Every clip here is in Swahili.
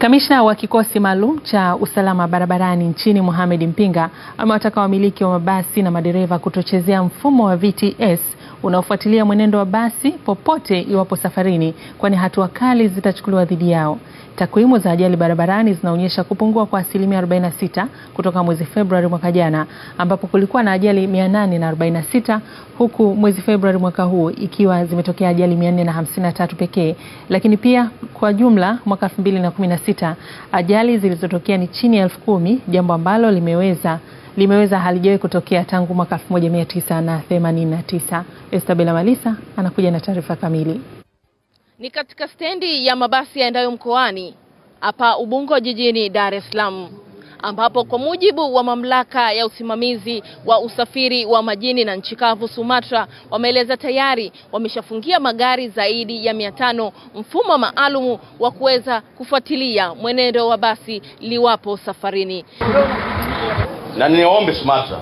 Kamishna wa kikosi maalum cha usalama barabarani nchini Mohamed Mpinga amewataka wamiliki wa mabasi na madereva kutochezea mfumo wa VTS unaofuatilia mwenendo wa basi popote iwapo safarini, kwani hatua kali zitachukuliwa dhidi yao. Takwimu za ajali barabarani zinaonyesha kupungua kwa asilimia 46 kutoka mwezi Februari mwaka jana ambapo kulikuwa na ajali 846 huku mwezi Februari mwaka huu ikiwa zimetokea ajali 453 pekee. Lakini pia kwa jumla mwaka 2016 ajali zilizotokea ni chini ya elfu kumi, jambo ambalo limeweza limeweza halijawahi kutokea tangu mwaka 1989. Estabela Malisa anakuja na taarifa kamili. Ni katika stendi ya mabasi yaendayo mkoani hapa Ubungo jijini Dar es Salaam ambapo kwa mujibu wa mamlaka ya usimamizi wa usafiri wa majini na nchi kavu SUMATRA wameeleza tayari wameshafungia magari zaidi ya mia tano mfumo maalum wa kuweza kufuatilia mwenendo wa basi liwapo safarini na niombe SUMATRA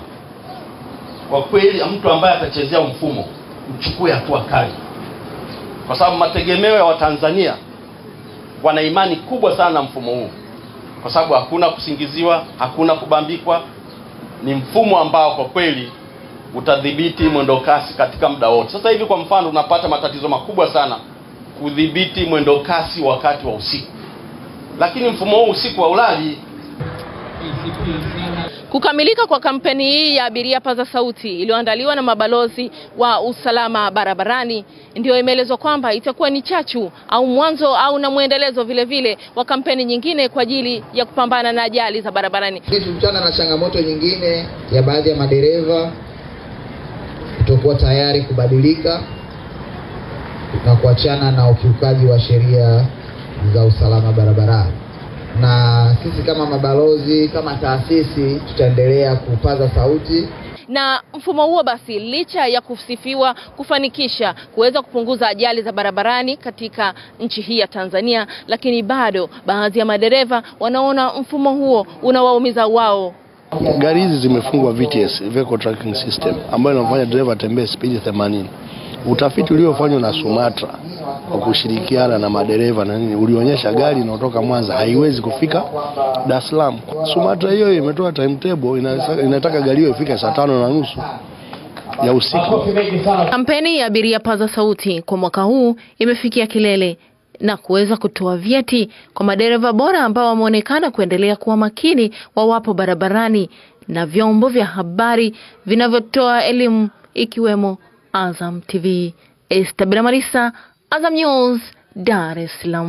kwa kweli, mtu ambaye atachezea mfumo mchukue hatua kali, kwa sababu mategemeo ya Watanzania wana imani kubwa sana na mfumo huu, kwa sababu hakuna kusingiziwa, hakuna kubambikwa. Ni mfumo ambao kwa kweli utadhibiti mwendokasi katika muda wote. Sasa hivi kwa mfano, unapata matatizo makubwa sana kudhibiti mwendokasi wakati wa usiku, lakini mfumo huu usiku wa ulali Kukamilika kwa kampeni hii ya abiria paza sauti iliyoandaliwa na mabalozi wa usalama barabarani ndio imeelezwa kwamba itakuwa ni chachu au mwanzo au na mwendelezo vile vile wa kampeni nyingine kwa ajili ya kupambana na ajali za barabarani. Tulikutana na changamoto nyingine ya baadhi ya madereva kutokuwa tayari kubadilika na kuachana na ukiukaji wa sheria za usalama barabarani na sisi kama mabalozi, kama taasisi tutaendelea kupaza sauti na mfumo huo basi, licha ya kusifiwa kufanikisha kuweza kupunguza ajali za barabarani katika nchi hii ya Tanzania, lakini bado baadhi ya madereva wanaona mfumo huo unawaumiza wao. Gari hizi zimefungwa VTS, vehicle tracking system, ambayo inamfanya dereva atembee spidi 80. Utafiti uliofanywa na Sumatra kwa kushirikiana na madereva na nini ulionyesha gari inayotoka Mwanza haiwezi kufika Dar es Salaam. Sumatra hiyo imetoa timetable inataka gari hiyo ifike saa tano na nusu ya usiku. Kampeni ya abiria paza sauti kwa mwaka huu imefikia kilele na kuweza kutoa vyeti kwa madereva bora ambao wameonekana kuendelea kuwa makini wawapo barabarani na vyombo vya habari vinavyotoa elimu ikiwemo Azam TV. Esta Bila Marisa, Azam News, Dar es Salaam.